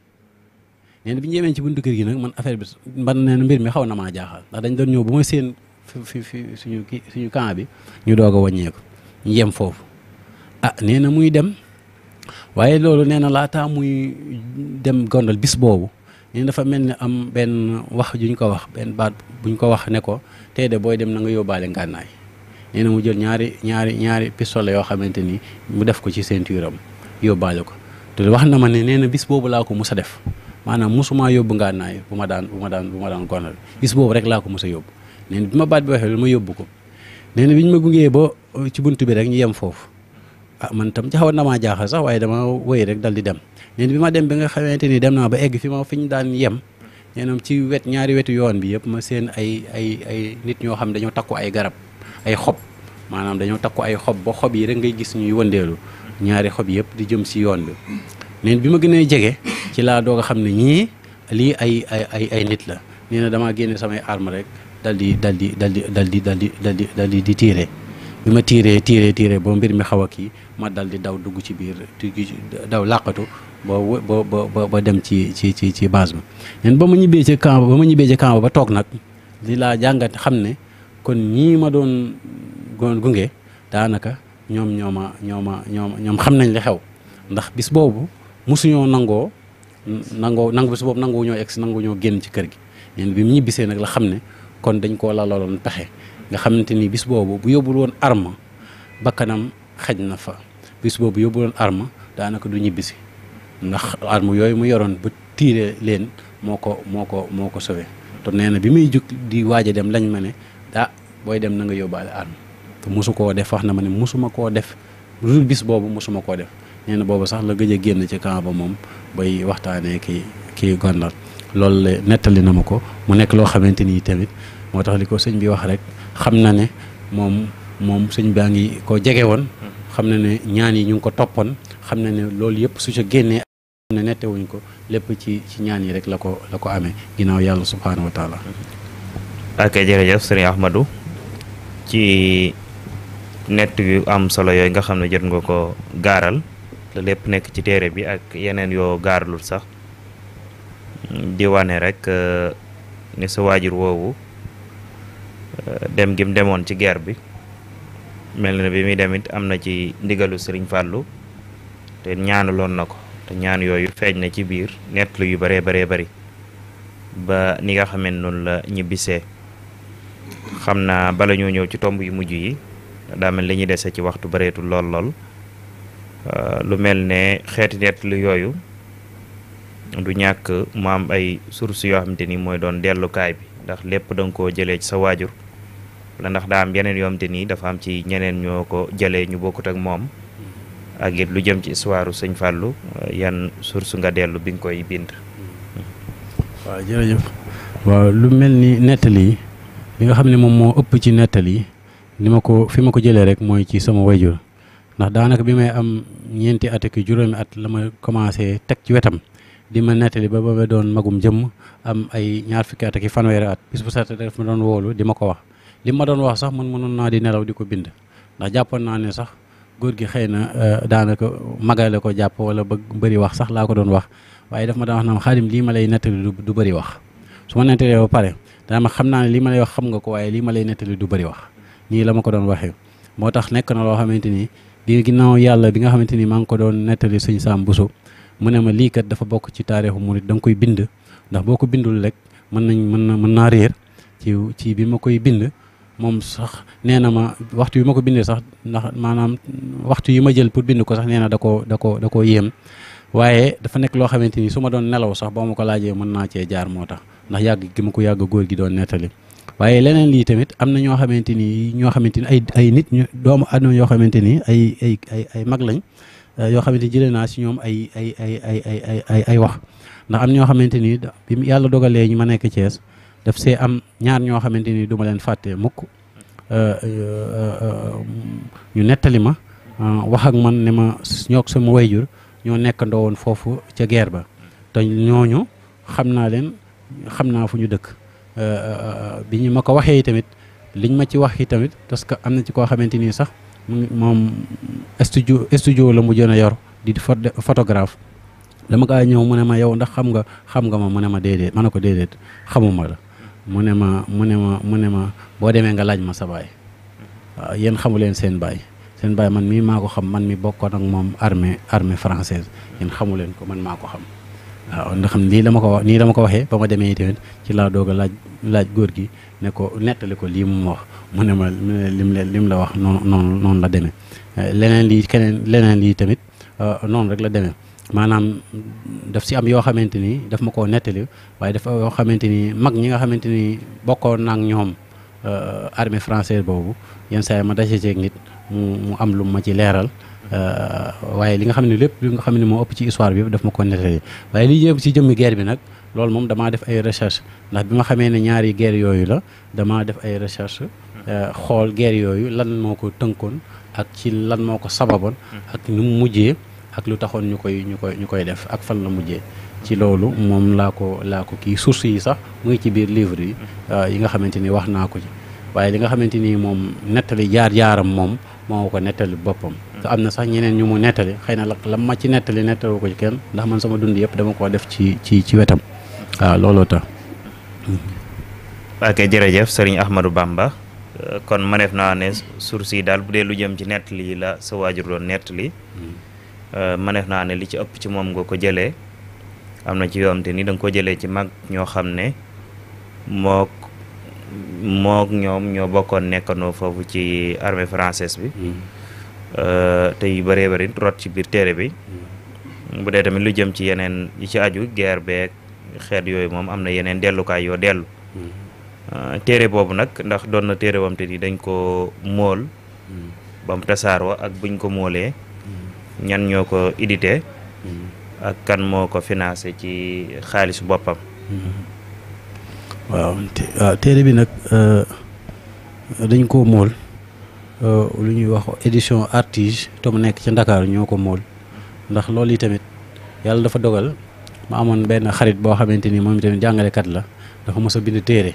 nee na bi ñu yemee ci buntu kër gi nag man affaire bi man nee na mbir mi xaw na maa jaaxal ndax dañ doon ñëw bu ma seen fi fi suñu kii suñu camp bi ñu doog a wàññeeku yem foofu ah nee na muy dem waaye loolu nee na laataa muy dem gondal bis boobu nee dafa mel ni am benn wax ju ñu ko wax benn baat bu ñu ko wax ne ko tey de booy dem na nga yóbbaale ngànnaay nee mu jël ñaari ñaari ñaari pistolet yoo xamante ni mu def ko ci ceinture am yóbbaale ko te wax na ma ne nee na bis boobu laa ko mus a def maanaam musumaa yóbbu ngànnaay bu ma daan bu ma daan bu ma daan bis boobu rek laa ko mus a yóbbu nee bi ma baat bi waxee lu ma yóbbu ko ci bunt bi rek ñu yem foofu ah man tam jaxawoon na maa jaaxal sax waaye dama wëy rek dal di dem neen bi ma dem bi nga xamante ni dem na ba egg fi ma fi ñu daan yem neenam ci wet ñaari wetu yoon bi yëpp ma seen ay ay ay nit ñoo xam dañoo takku ay garab ay xob maanaam dañoo takku ay xob ba xob yi rek ngay gis ñuy wëndeelu ñaari xob yëpp di jëm si yoon bi neen bi ma gën a jege ci laa doog a xam ne ñii lii ay ay ay ay nit la nee damaa génne samay arme rek dal di dal di dal di tiire bi ma tiiree tiiree tiiree ba mbir mi xaw a kii ma dal di daw dugg ci biir daw làqatu ba boo ba dem ci ci ci ci base ba. nen ba ma ñibbee ci camp ba ma ñibbee ci camp ba toog nag li laa jàngat xam ne kon ñii ma doon gunge daanaka ñoom ñoo ma ñoo ma ñoom xam nañ li xew ndax bis boobu mosuñoo nangoo nangoo nangu bis boobu nanguwuñoo egg si nanguwuñoo génn ci kër gi. nen bi mu ñibbisee nag la xam ne kon dañ koo laloon pexe. nga xamante ni bis boobu bu yóbbul woon arme bakkanam xaj na fa bis boobu yóbbul woon arme daanaka du ñibbisi ndax arme yooyu mu yoroon ba tiire leen moo ko moo ko moo ko sauvé te nee na bi muy jug di waaj a dem lañ ma ne ah booy dem na nga yóbbaale arme te koo def wax na ma ne mosuma koo def lu bis boobu mosuma koo def nee boobu sax la gëj a génn ci camp ba moom bay waxtaanee kii kii gondal loolu la nettali na ma ko mu nekk loo xamante ni tamit moo tax li ko sëñ bi wax rek xam na ne moom moom suñ baa ngi ko jege woon mm-hmm. xam na ne ñaan yi ñu ngi ko toppoon xam na ne loolu yëpp su ca génnee xam nettewuñ ko lépp ci ci ñaan yi rek la ko la ko amee ginnaaw yàlla subhaanahu wa taala mm-hmm. ak jërëjëf sëriñ ci nett yu am solo yooyu nga xam ne jot nga ko gaaral lépp nekk ci téere bi ak yeneen yoo gaaralul sax diwaane wane rek euh, ne sa waajur woowu dem gim demoon ci guerre bi mel na bi muy dem am na ci ndigalu sëriñ Fàllu te ñaanuloon na ko te ñaan yooyu feeñ na ci biir nettlu yu baree baree bari ba ni nga xamee noonu la ñibbisee xam naa bala ñoo ñëw ci tomb yu mujj yi daa mel li ñuy dese ci waxtu bareetu lool lool euh, lu mel ne xeeti nettlu yooyu du ñàkk mu am ay sources yoo xamante ni mooy doon dellukaay bi ndax lépp da nga jëlee sa waajur la ndax daa am yeneen yoom te nii dafa am ci ñeneen ñoo ko jëlee ñu bokkut ak moom ak it lu jëm ci histoire sëñ Fallou yan source nga dellu bi nga koy bind. jërëjëf lu mel ni nettali li nga xam ne moom moo ëpp ci nettali ni ma ko fi ma ko jëlee rek mooy ci sama way wayjur ndax daanaka bi may am ñeenti at ak juróomi at la ma commencé teg ci wetam di ma nettali ba ba doon magum jëm am ay ñaar fukki at ak fanweeri at bis bu sart def ma doon woolu di ma ko wax li ma doon wax sax mën mënoon naa di nelaw di ko bind ndax jàppoon naa ne sax góor gi xëy na euh, daanaka magale ko jàpp wala ba bëri wax sax laa ko doon wax waaye daf ma daan wax naan xaadim lii ma lay nettali du bëri wax su ma nettalee ba pare daa ma xam naa lii ma lay wax xam nga ko waaye lii ma lay nettali du bëri wax nii la ma ko doon waxee moo tax nekk na loo xamante ni di ginnaaw yàlla bi nga xamante ni maa ngi ko doon nettali sëñ Sam Bousso mu ne ma lii dafa bokk ci taarixu mu da nga koy bind ndax boo ko bindul rek mën nañ mën na mën naa réer ci ci bi ma koy bind moom sax nee na ma waxtu yu ma ko bindee sax ndax maanaam waxtu yi ma jël pour bind ko sax nee na da koo da ko da koo yéem waaye dafa nekk loo xamante ni su ma doon nelaw sax boo ma ko laajee mën naa cee jaar moo tax ndax yàgg gi ma ko yàgg góor gi doon nettali waaye leneen lii tamit am na ñoo xamante ni ñoo xamante ni ay ay nit ñu doomu àdduna yoo xamante ni ay ay ay mag lañ eh, yoo xamante ni jëlee naa si ñoom ay ay ay ay ay ay ay wax ndax ñoo xamante ni yàlla dogalee ñu ma nekk Thiès def see am ñaar ñoo xamante ni du ma leen fàtte mukk euh, euh, euh, ñu nettali ma wax man ne ma ñoog sama wayjur ñoo nekkandoo woon foofu ca guerre ba te ñooñu xam naa leen xam naa fu ñu dëkk bi ñu ma ko waxee tamit liñ ma ci wax yi tamit parce que am na ci koo xamante ni sax moom studio studio la mu jën a yor di di photographe dama kaa ñëw mu ne ma yow ndax xam nga xam nga ma mu ne ma déedéet ma ne ko déedéet xamuma la mu ne ma mu ne ma mu ne ma boo demee nga laaj ma sa baay waaw yéen xamu leen seen baay seen baay man mii maa ko xam man mi bokkoon ak moom armée armée française yéen xamu leen ko man maa ko xam waaw ndax lii dama ko wax nii dama ko waxee ba ma demee tamit ci laa doog a laaj laaj góor gi ne ko nettali ko lii mu wax mu ne ma lim la lim la wax noonu noonu noonu la demee eh, leneen lii keneen leneen lii tamit euh, noonu rek la demee maanaam daf si am yoo xamante ni daf ma ko nettali waaye dafa yoo xamante ni mag ñi nga xamante ni bokkoon na ak ñoom euh, armee française boobu yenn saa yi ma dase ceeg nit mu am lu ma ci leeral euh, waaye li nga xam ne li nga xam ne moo ëpp ci histoire bi daf ma koo nettali waaye li yëpp si jëmmi guerre bi nag loolu moom dama def ay recherche ndax bi ma xamee ne ñaari guerre yooyu la damaa def ay recherche euh, xool guerre yooyu lan moo ko tënkoon ak ci lan moo ko sababoon ak ni mu mujjee ak lu taxoon ñu koy ñu koy ñu koy def ak fan la mujjee ci loolu moom laa ko laa ko kii suur source yi sax mu ngi ci biir livre yi euh, yi nga xamante ni wax naa ko ci waaye li nga xamante ni moom nettali jaar jaaram moom moo ko nettali boppam te am na sax ñeneen ñu mu nettali xëy na la lam ma ci nettali nettali ko ci kenn ndax man sama dund yëpp dama koo def ci ci ci wetam waaw looloo tax ok jërëjëf sëriñ Ahmadou Bamba euh, kon mëneef naa ne source yi daal bu dee lu jëm ci nettali la sa waajur doon Euh, maneef naa ne li ci ëpp ci moom nga ko jële am na ci yoom te ni da ko jëlee ci mag ñoo xam ne mook mook ñoom ñoo bokkoon nekkandoo foofu ci armée française bi hmm. euh, te yu bëree bëri rot ci biir téere bi hmm. bu dee tamit lu jëm ci yeneen yi ci aju guerre beeg xeet yooyu moom am na yeneen dellukaay yoo dellu hmm. euh, téere boobu nag ndax doon na téere wam te ni dañ ko mool ba mu tasaaroo ak buñ ko moolee ñan ñoo ko édité mm-hmm. ak kan moo ko financé ci xaalis boppam mm-hmm. waaw téere bi nag euh, dañ koo mool euh, lu ñuy wax édition artige te mu nekk ci Ndakaaru ñoo ko mool ndax loolu yi tamit yàlla dafa dogal ma amoon benn xarit boo xamante ni moom tamit jàngalekat la dafa mos a bind téere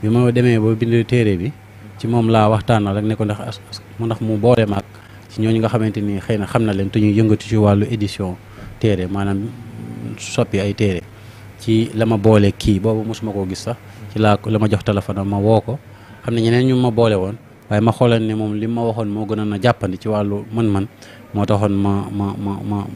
bi ma demee ba bind téere bi ci moom laa waxtaanal rek ne ko ndax mu ndax mu boole maag ci ñooñu nga xamante ni xëy na xam na leen te ñu yëngatu ci wàllu édition téere maanaam soppi ay téere ci la ma boole kii boobu mosuma koo gis sax ci laa la ma jox téléphone ma woo ko xam ne ñeneen ñu ma boole woon waaye ma xoolal ni moom li ma waxoon moo gënoon a jàppandi ci wàllu man man moo taxoon ma ma ma ma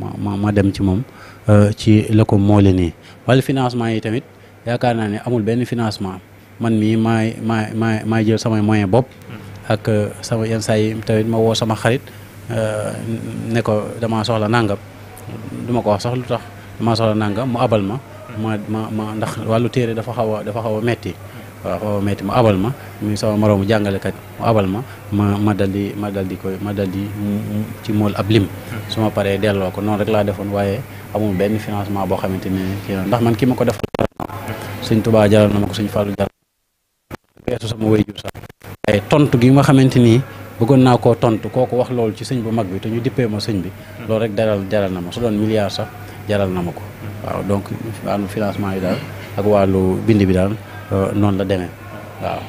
ma ma ma dem ci moom euh, ci la ko moole nii wàllu financement yi tamit yaakaar naa ne amul benn financement man mii maay maay maay maay jël samay moyen bopp ak sama yeen say yi tamit ma wo sama xarit euh, ne ko dama soxla nangam duma ko wax sax lu tax soxla nangam mu abal ma. ma ma ndax walu téré dafa xawa dafa xawa metti wa metti mu abal ma mi sama jangale kat mu abal ma ma ma daldi di ma daldi di koy ma daldi di ci mol ablim suma paré delo ko non rek la defone waaye amul ben financement bo xamanteni ki kii ndax man kima ko def. Sëñ Tuubaa jaral na ma ko Sëñ jaral waaye tontu gi ma xamante ni bëggoon naa ko tontu kooku wax loolu ci sëñ bu mag bi te ñu dippee ma sëñ bi loolu rek daral daral na ma su doon milliard sax jaral na ma ko waaw donc wàllu financement yi daal ak wàllu bind bi daal euh, noonu la demee waaw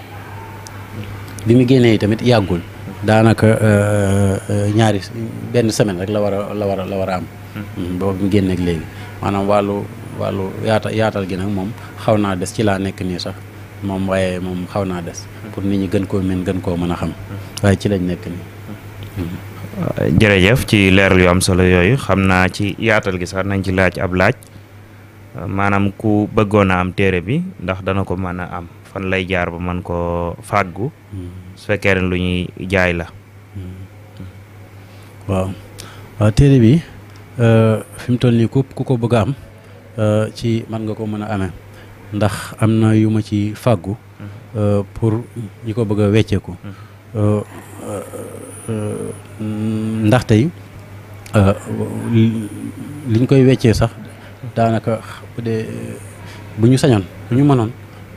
bi mu génnee tamit yàggul daanaka euh, ñaari benn semaine rek la war a la war la war a am hmm, boobu bi mu génne léegi maanaam wàllu wàllu yaata yaatal gi nag moom xaw naa des ci laa nekk nii sax moom waaye moom xaw naa des pour nit ñi gën koo mën gën koo mën a xam waaye ci lañ nekk nii. jërëjëf ci leeral yu am solo yooyu xam naa ci yaatal gi sax nañ ci laaj ab laaj maanaam ku bëggoon a am téere bi ndax dana ko mën a am fan lay jaar ba mën koo fàggu su fekkee ne lu ñuy jaay la. waaw waaw téere bi euh, fi mu toll nii ku ko bëgg a am euh, ci man nga ko mën a amee ndax am na yu ma ci fàggu. Euh, pour ñi ko bëgg a wecceeku mm-hmm. euh, euh, ndax tey liñ koy weccee sax daanaka bu ñu sañoon bu ñu mënoon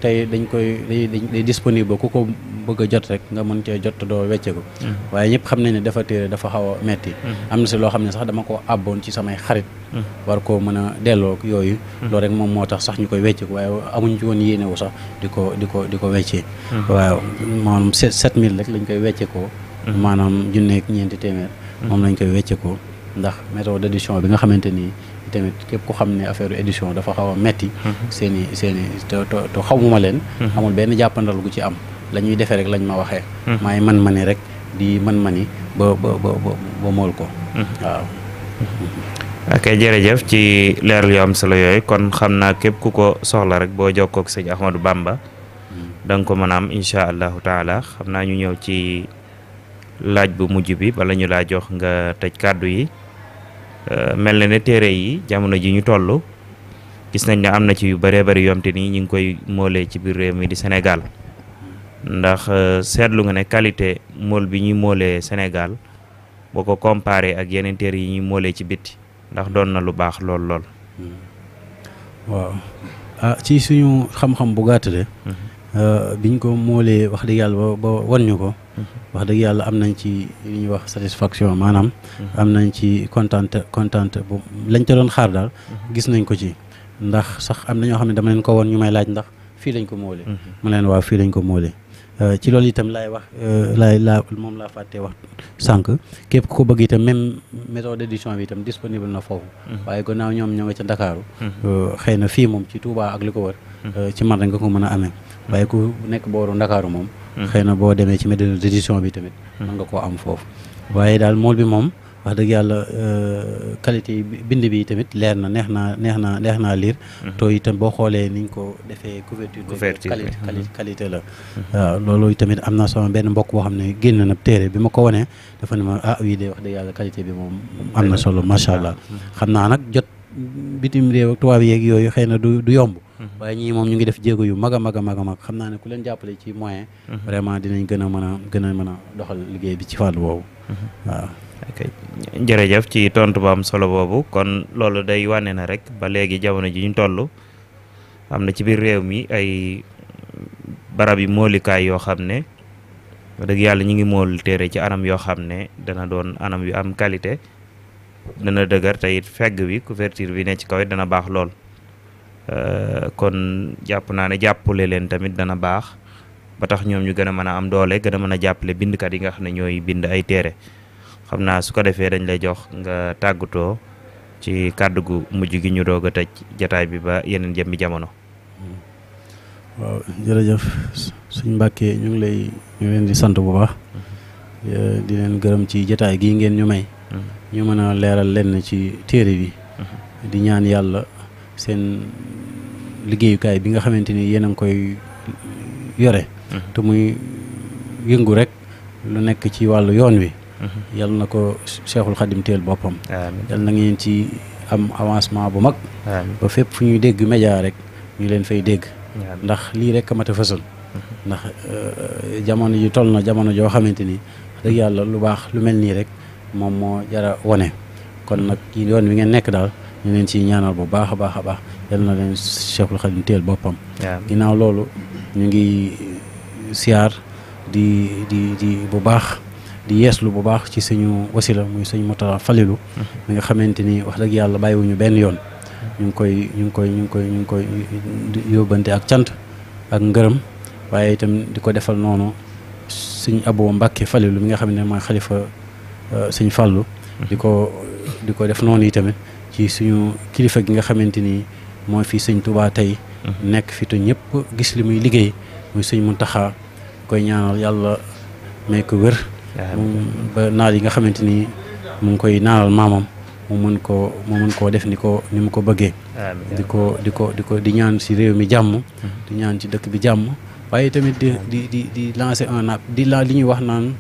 tey dañ koy day disponible ku ko bëgg a jot rek nga mën cee jot doo wecceeku mm-hmm. waaye ñëpp xam nañ ne dafa téere dafa xaw a metti mm-hmm. am na si loo xam ne sax dama ko àbboon ci samay xarit mm-hmm. war koo mën a delloo yooyu loolu rek moom moo tax sax ñu koy wecceeku waaye amuñ ci woon yéene wu sax di ko di ko di ko weccee waaw maanaam sept mille rek lañ koy wecceekoo maanaam junneeg ñeenti téeméer moom lañ koy wecceekoo ndax méthode d'édition bi nga xamante nii tamit képp ku xam ne affaire édition dafa xaw a metti mhm. seen i xamuma leen mhm. amul benn jàppandal gu ci am lañuy ñuy defee rek lañ ma waxee mhm. maay man ma ni rek di man ma ni ba ba ba mool ko waaw ok jërëjëf ci leer yu am solo yooyu kon xam naa képp ku ko soxla rek boo jokkook sëñ Ahmadou Bamba da ko mën a am incha allahu taala xam naa ñu ñëw ci laaj bu mujj bi bala ñu laa jox nga tej kàddu yi Euh, mel na ne téere yi jamono ji ñu toll gis nañ ne am na ci yu bëree bëri yomte nii ñu ngi koy moolee ci biir réew mi di Sénégal ndax euh, seetlu nga ne qualité mool bi ñuy moolee Sénégal boo ko comparé ak yeneen téer yi ñuy moolee ci biti ndax doon na lu baax lool lool. Hmm. waaw ah ci suñu xam-xam bu gàtt de. Hmm. Euh, biñ ko moolee wax dëgg yàlla ba ba wan ñu ko. Mhm. wax dëgg yàlla am nañ ci li ñuy wax satisfaction maanaam. Mhm. am nañ ci contente contente bu lañ te doon xaar daal. Mhm. gis nañ ko ci ndax sax am na ñoo xam ne dama leen ko woon ñu may laaj ndax fii lañ ko moolee. ma leen waaw fii lañ ko moolee. Euh, ci loolu itam laay wax euh, laay laa moom laa fàtte wax sànq képp ku ko bëgg itam même méthode d'édition bi itam disponible na foofu. waaye gannaaw ñoom ñoo ca Ndakaaru. xëy na fii moom ci Touba ak li ko wër. Euh, ci man da nga ko mën a ame waaye ku nekk booru ndakaaru moom hmm. xëy na boo demee ci maison d'édition bi tamit hmm. mën nga koo am foofu waaye daal mool bi moom wax dëgg yàlla euh, qualité bind bi tamit leer na neex naa neex naa neex naa liir hmm. to itam boo xoolee niñ ko defee couverture bi qualité la waaw loolu am na sama benn mbokk boo xam ne génn na téere bi ma ko wanee dafa ma ah wii yàlla qualité bi moom am na solo macha allah xam naa nag jot bitim réew ak tubaab yeeg yooyu xëy na du du yomb Mhm. waaye ñii moom ñu ngi def jéego yu mag a mag a mag a xam naa ne ku leen jàppale ci moyen mhm. vraiment dinañ gën a mën a gën a mën a doxal liggéey bi ci fànn boobu mhm. waaw jërëjëf ci tontu bu am solo boobu kon loolu day wane na rek ba léegi jamono ji ñu toll am na ci biir réew mi ay barab yi moolikaay yoo xam ne dëgg yàlla ñu ngi mool téere ci anam yoo xam ne dana doon anam yu am qualité dana dëgër te it fegg bi couverture bi ne ci kaw dana baax lool Euh, kon jàpp naa ne jàppale leen tamit dana baax ba tax ñoom ñu gën a mën a am doole gën a mën a jàppale bindkat yi nga xam ne ñooy bind ay téere xam naa su ko defee dañ lay jox nga tàggatoo ci kàddu gu mujj gi ñu doog a tëj jataay bi ba yeneen jëmmi jamono. waaw jërëjëf suñ mbàkkee ñu ngi lay ñu leen di sant bu baax mm-hmm. euh, di leen gërëm ci jataay gii ngeen ñu may mm-hmm. ñu mën a leeral leen ci téere bi mm-hmm. di ñaan yàlla seen liggéeyukaay bi nga xamante ni yéen a ngi koy yore. Mm-hmm. te muy yëngu rek lu nekk ci wàllu yoon wi. Mm-hmm. yal na ko Cheikhul Khadim teel boppam. yal na ngeen ci am avancement bu mag. ba fépp fu ñuy dégg média rek ñu leen fay dégg. ndax lii rek a mat a fësal. Mm-hmm. ndax euh, jamono ji toll na jamono joo xamante ni dëgg yàlla lu baax lu mel nii rek moom moo jara wone kon nag yoon wi ngeen nekk daal. ñu leen ciy ñaanal bu baax a baax a baax yal na leen Cheikhul Khadim teel boppam. ginnaaw loolu ñu ngi siyaar di di di bu baax di yeeslu bu baax ci suñu wasila muy suñu Mourtada Falilou. Mhm. mi nga xamante ni wax dëgg yàlla bàyyiwuñu benn yoon. ñu ngi koy ñu ngi koy ñu ngi koy ñu ngi koy yóbbante ak cant ak ngërëm waaye itam di ko defal noonu suñ Abou Mbacke Falilou mi nga xam ne mooy xalifa euh, suñ Fallou. Mhm. di ko di ko def noonu yi tamit. ci suñu kilifa gi nga xamante ni mooy fi sëñ Touba tey mhm. nekk fi te ñëpp gis li muy liggéey muy sëñ Muntaxa koy ñaanal yàlla may ko wér ba naal yi nga xamante ni mu ngi koy naanal maamam mu mën koo mu mën def ko ni mu ko di ko di di ko di ñaan si réew mi jàmm mhm. di ñaan ci dëkk bi jàmm waaye tamit di di di di lancer un di la li ñuy wax naan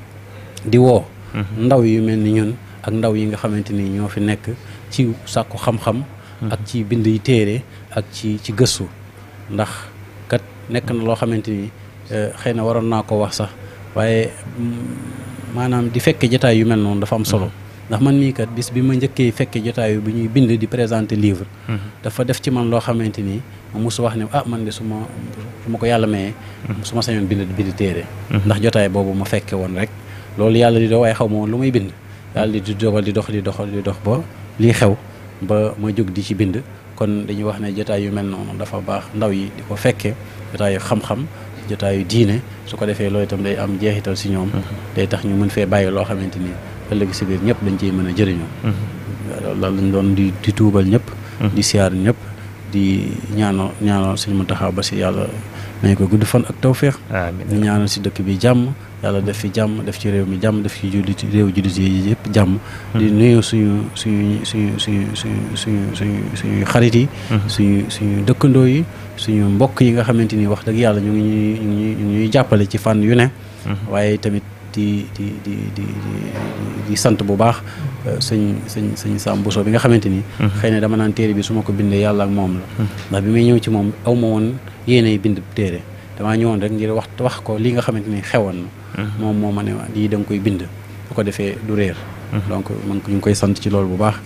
di wo mhm. ndaw yu mel ñun ak ndaw yi nga xamante ñoo fi nekk ci sàkku xam-xam ak ci bind yi téere ak ci ci gëstu ndax kat nekk na loo xamante ni eh, xëy na waroon naa ko wax sax waaye mm, maanaam di fekke jotaay yu mel noonu dafa am solo mm-hmm. ndax man mii kat bis bi ma njëkkee fekke jotaayu bu ñuy bind di présente livre mm-hmm. dafa def ci man loo xamante ni ma mosu wax ne ah man de suma ma ko yàlla mayee mm-hmm. su ma sañoon bind téere ndax jotaay boobu ma fekke woon rek loolu yàlla di doo waaye xaw ma woon lu may bind yàlla di dogal di dox lii xew ba ma jóg di ci bind kon dañuy wax ne jotaay yu mel noonu dafa baax ndaw yi di ko fekkee jotaayu xam-xam jotaayu diine su ko defee loolu itam day am jeexital si ñoom mm-hmm. day tax ñu mën fee bàyyi loo xamante ni ëllëg si biir ñëpp dañ ciy mën a jëriñoo mm-hmm. loolu lañ doon di di tuubal ñëpp mm-hmm. di siyaar ñëpp di ñaanal ñaanal suñu mu taxaw ba si yàlla nañ ko gudd fan ak tawféex ñu si dëkk bi jàmm yàlla def fi jàmm def ci réew mi jàmm def ci jullit réew jullit yi yëpp jàmm di nuyu suñu suñu suñu suñu suñu suñu suñu suñu xarit yi mhm. suñu suñu dëkkandoo yi suñu mbokk yi nga xamante ni wax dëgg yàlla ñu ngi ñuy ñu ñuy jàppale ci fànn yu ne mhm. waaye tamit di di di sant bu baax mhm. euh, sëñ sëñ sëñ Sam Bousso bi nga xamante ni xëy na dama naan téere bi su ma ko bindee yàlla ak moom la ndax bi may ñëw ci moom aw ma woon yéenay bind téere damaa ñëwoon rek ngir wax wax ko li nga xamante ni xewoon mom mo mané di lii kui koy bind bu ko defee du réer mhm. donc man ñu koy sant ci loolu bu baax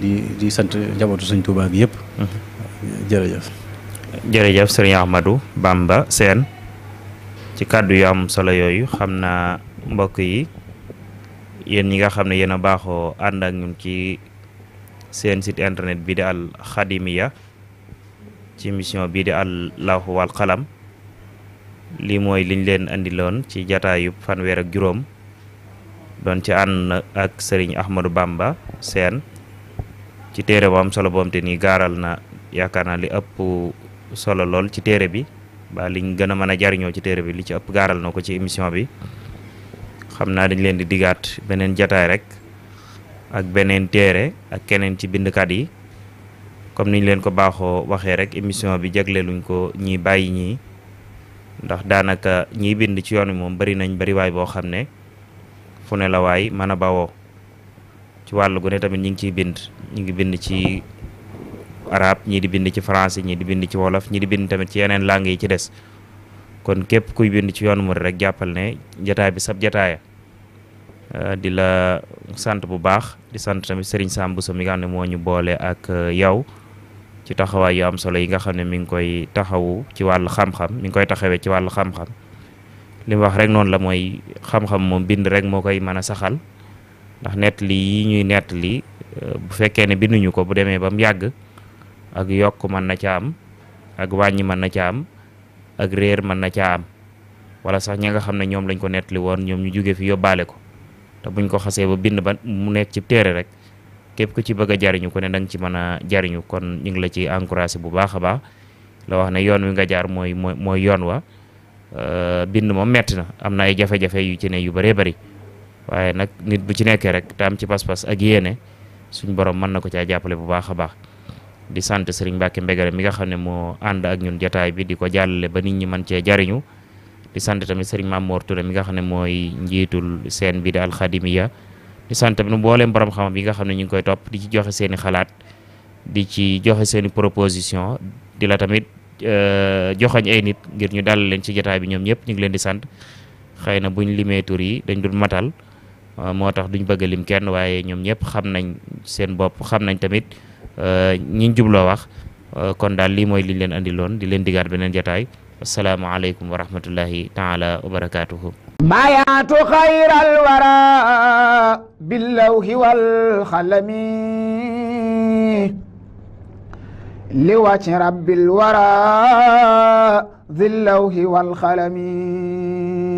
di di sant njabootu sëñ Tuubaa gi yëpp mhm. jërëjëf jërëjëf sëriñ Ahmadou Bamba sen, ci kàddu yu am solo yoyu xamna naa mbokk yi yen yi nga xamne yena baxo and ak ñun ci sen site internet bi di al khadimia, ci mission bi di al lahu wal qalam lii mooy liñ leen andiloon ci jataayub fanweer ak juróom doon ci ànd ak sëriñ Ahmadou Bamba seen ci téere bu am solo boom te nii gaaral na yaakaar naa li ëpp solo lool ci téere bi ba liñ gën a mën a jariñoo ci téere bi li ci ëpp gaaral na ko ci émission bi xam naa dañ leen di digaat beneen jataay rek ak beneen téere ak keneen ci bindkat yi comme niñ leen ko baaxoo waxee rek émission bi jagleeluñ ko ñi bàyyi ñii ndax daanaka ñiy bind ci yoon wi moom bari nañ bari boo xam ne fu ne la waay mën ci wàll gu ne tamit ñi ngi ciy bind ñi ngi bind ci arab ñii di bind ci france ñii di bind ci wolof ñii di bind tamit ci yeneen langue yi ci des kon képp kuy bind ci yoonu murid rek jàppal ne jataay bi sab jataaya euh, di la sant bu baax di sant tamit Serigne Sam Bousso nga xam ne moo ñu boole ak euh, yow ci taxawaay yu am solo yi nga xam ne mi ngi koy taxawu ci wàllu xam-xam mi ngi koy taxawee ci wàllu xam-xam li mu wax rek noonu la mooy xam-xam moom bind rek moo koy mën a saxal ndax nettali yi ñuy nettali euh, bu fekkee ne binduñu ko bu demee ba mu yàgg ak yokk mën na ca am ak wàññi mën na ca am ak réer mën na caa am wala sax ñi nga xam ne ñoom lañ ko nettali woon ñoom ñu jóge fi yóbbaale ko te buñ ko xasee ba bind ba mu nekk ci téere rek kep ku ci bëgg a jariñu ku ne dang ci mëna jariñu kon ñu ngi la ci encourager bu baaxa ba la wax na yoon wi nga jaar moy moy yoon wa eh, bind mo metti na am ay e jafé jafé yu ci ne yu bari bari waye nak nit bu ci nekk rek tam ci pas-pas ak yene suñ borom man nako ci jappalé bu baaxa a baax di sante Serigne Mbacke Mbegere mi nga xamne mo and ak ñun jotaay bi di jallale ba nit ñi man ci jariñu di sante tamit Serigne Mamour Touré mi nga xamne moy njitul sen bi di alxadimiya di sante bi mbooleem borom xam-xam yi nga xam ne ñu ngi koy topp di ci joxe seeni xalaat di ci joxe seeni proposition di la eh, eh, tamit joxoñ ay nit ngir ñu dal leen ci jotaay bi ñoom ñëpp ñu ngi leen di sant xëy na buñ limee tur yi dañ dul matal moo tax duñ bëgg lim kenn waaye ñoom ñëpp xam nañ seen bopp xam nañ tamit ñiñ jubloo wax kon daal lii mooy li leen andiloon di leen digaat beneen jotaay asalaamaaleykum wa rahmatullahi taala wa barakaatuhu بايعت خير الورى باللوح والخلم لوجه رب الورى ذي اللوح والخلم